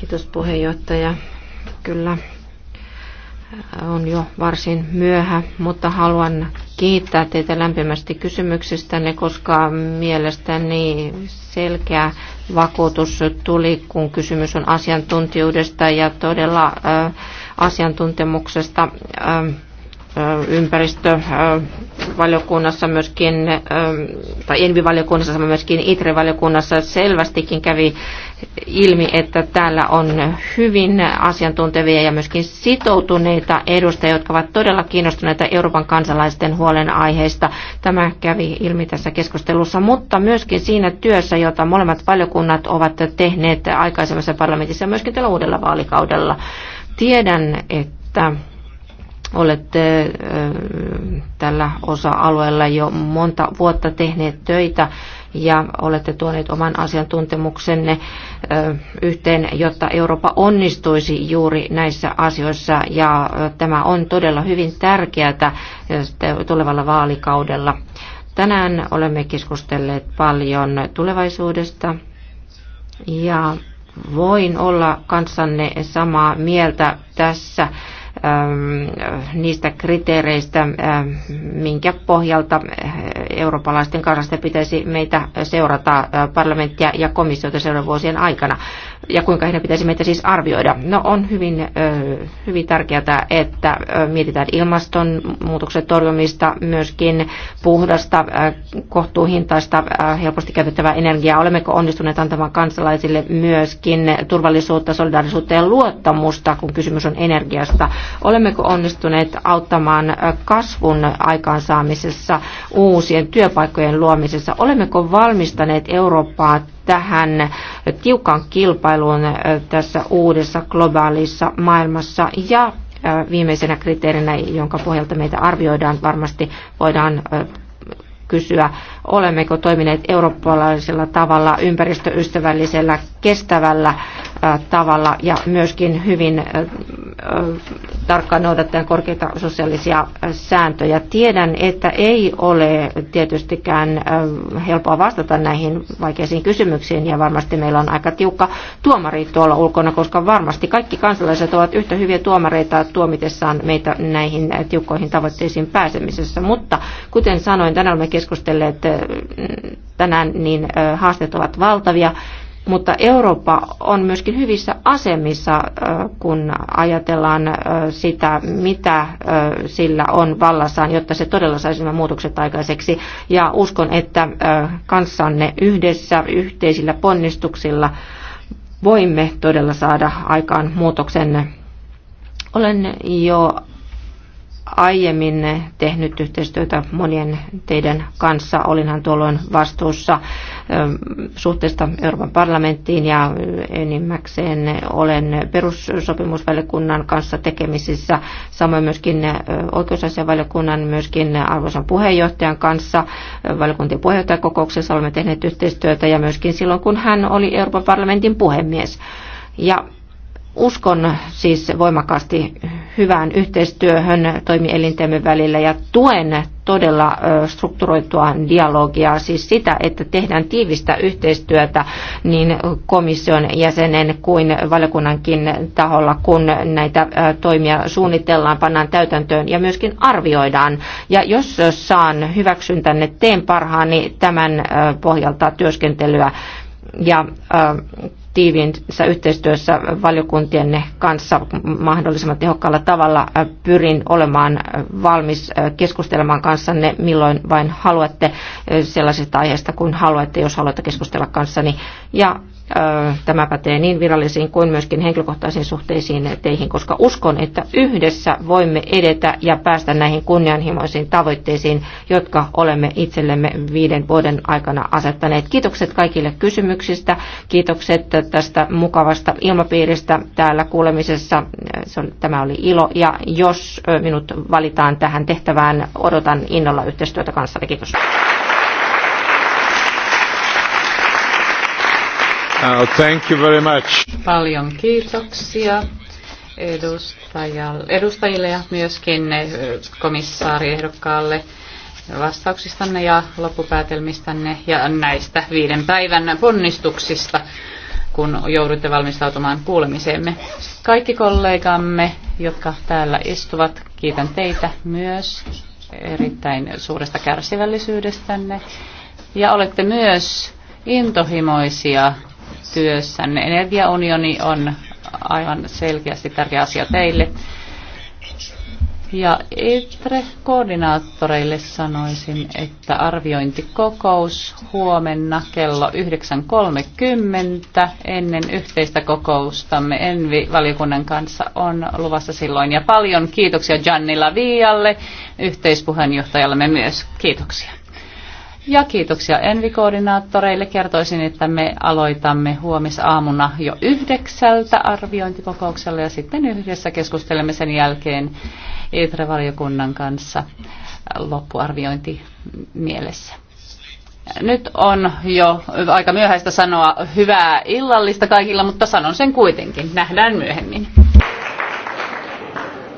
Kiitos puheenjohtaja. Kyllä on jo varsin myöhä, mutta haluan kiittää teitä lämpimästi kysymyksistänne, koska mielestäni selkeä vakuutus tuli, kun kysymys on asiantuntijuudesta ja todella äh, asiantuntemuksesta äh, äh, ympäristöpolitiikassa valiokunnassa myöskin, ähm, tai Envi-valiokunnassa, myöskin ITRE-valiokunnassa selvästikin kävi ilmi, että täällä on hyvin asiantuntevia ja myöskin sitoutuneita edustajia, jotka ovat todella kiinnostuneita Euroopan kansalaisten huolenaiheista. Tämä kävi ilmi tässä keskustelussa, mutta myöskin siinä työssä, jota molemmat valiokunnat ovat tehneet aikaisemmassa parlamentissa ja myöskin tällä uudella vaalikaudella. Tiedän, että olette tällä osa-alueella jo monta vuotta tehneet töitä ja olette tuoneet oman asiantuntemuksenne yhteen, jotta Eurooppa onnistuisi juuri näissä asioissa. Ja tämä on todella hyvin tärkeää tulevalla vaalikaudella. Tänään olemme keskustelleet paljon tulevaisuudesta ja voin olla kanssanne samaa mieltä tässä Ähm, niistä kriteereistä, äh, minkä pohjalta äh, eurooppalaisten kansalaisten pitäisi meitä seurata äh, parlamenttia ja komissiota seuraavien vuosien aikana ja kuinka heidän pitäisi meitä siis arvioida. No on hyvin, hyvin tärkeää, että mietitään ilmastonmuutoksen torjumista, myöskin puhdasta, kohtuuhintaista, helposti käytettävää energiaa. Olemmeko onnistuneet antamaan kansalaisille myöskin turvallisuutta, solidaarisuutta ja luottamusta, kun kysymys on energiasta? Olemmeko onnistuneet auttamaan kasvun aikaansaamisessa, uusien työpaikkojen luomisessa? Olemmeko valmistaneet Eurooppaa tähän tiukan kilpailuun tässä uudessa globaalissa maailmassa ja viimeisenä kriteerinä, jonka pohjalta meitä arvioidaan, varmasti voidaan kysyä, olemmeko toimineet eurooppalaisella tavalla, ympäristöystävällisellä, kestävällä tavalla ja myöskin hyvin tarkkaan noudattaa korkeita sosiaalisia äh, sääntöjä. Tiedän, että ei ole tietystikään äh, helppoa vastata näihin vaikeisiin kysymyksiin ja varmasti meillä on aika tiukka tuomari tuolla ulkona, koska varmasti kaikki kansalaiset ovat yhtä hyviä tuomareita tuomitessaan meitä näihin äh, tiukkoihin tavoitteisiin pääsemisessä. Mutta kuten sanoin, tänään olemme keskustelleet tänään, niin haasteet ovat valtavia mutta Eurooppa on myöskin hyvissä asemissa, kun ajatellaan sitä, mitä sillä on vallassaan, jotta se todella saisi nämä muutokset aikaiseksi. Ja uskon, että kanssanne yhdessä, yhteisillä ponnistuksilla voimme todella saada aikaan muutoksen. Olen jo aiemmin tehnyt yhteistyötä monien teidän kanssa. Olinhan tuolloin vastuussa ähm, suhteesta Euroopan parlamenttiin ja enimmäkseen olen perussopimusvaliokunnan kanssa tekemisissä, samoin myöskin äh, oikeusasianvaliokunnan, myöskin arvoisan puheenjohtajan kanssa. Äh, valiokuntien puheenjohtajakokouksessa olemme tehneet yhteistyötä ja myöskin silloin, kun hän oli Euroopan parlamentin puhemies. Ja uskon siis voimakkaasti hyvään yhteistyöhön toimielintemme välillä ja tuen todella strukturoitua dialogia, siis sitä, että tehdään tiivistä yhteistyötä niin komission jäsenen kuin valiokunnankin taholla, kun näitä toimia suunnitellaan, pannaan täytäntöön ja myöskin arvioidaan. Ja jos saan hyväksyn tänne teen parhaani tämän pohjalta työskentelyä ja tiiviissä yhteistyössä valiokuntienne kanssa mahdollisimman tehokkaalla tavalla. Äh, pyrin olemaan äh, valmis äh, keskustelemaan kanssanne milloin vain haluatte sellaisesta aiheesta kuin haluatte, jos haluatte keskustella kanssani. Ja Tämä pätee niin virallisiin kuin myöskin henkilökohtaisiin suhteisiin teihin, koska uskon, että yhdessä voimme edetä ja päästä näihin kunnianhimoisiin tavoitteisiin, jotka olemme itsellemme viiden vuoden aikana asettaneet. Kiitokset kaikille kysymyksistä, kiitokset tästä mukavasta ilmapiiristä täällä kuulemisessa. Tämä oli ilo ja jos minut valitaan tähän tehtävään, odotan innolla yhteistyötä kanssanne. Kiitos. Uh, thank you very much. Paljon kiitoksia edustajille ja myöskin eh, komissaariehdokkaalle vastauksistanne ja loppupäätelmistänne ja näistä viiden päivän ponnistuksista, kun joudutte valmistautumaan kuulemiseemme. Kaikki kollegamme, jotka täällä istuvat, kiitän teitä myös erittäin suuresta kärsivällisyydestänne ja olette myös intohimoisia työssänne. Energiaunioni on aivan selkeästi tärkeä asia teille. Ja ITRE-koordinaattoreille e sanoisin, että arviointikokous huomenna kello 9.30 ennen yhteistä kokoustamme Envi-valiokunnan kanssa on luvassa silloin. Ja paljon kiitoksia Gianni Lavialle, yhteispuheenjohtajallemme myös. Kiitoksia. Ja kiitoksia Envi-koordinaattoreille. Kertoisin, että me aloitamme huomisaamuna jo yhdeksältä arviointikokouksella ja sitten yhdessä keskustelemme sen jälkeen ITRE-valiokunnan kanssa loppuarviointi mielessä. Nyt on jo aika myöhäistä sanoa hyvää illallista kaikilla, mutta sanon sen kuitenkin. Nähdään myöhemmin.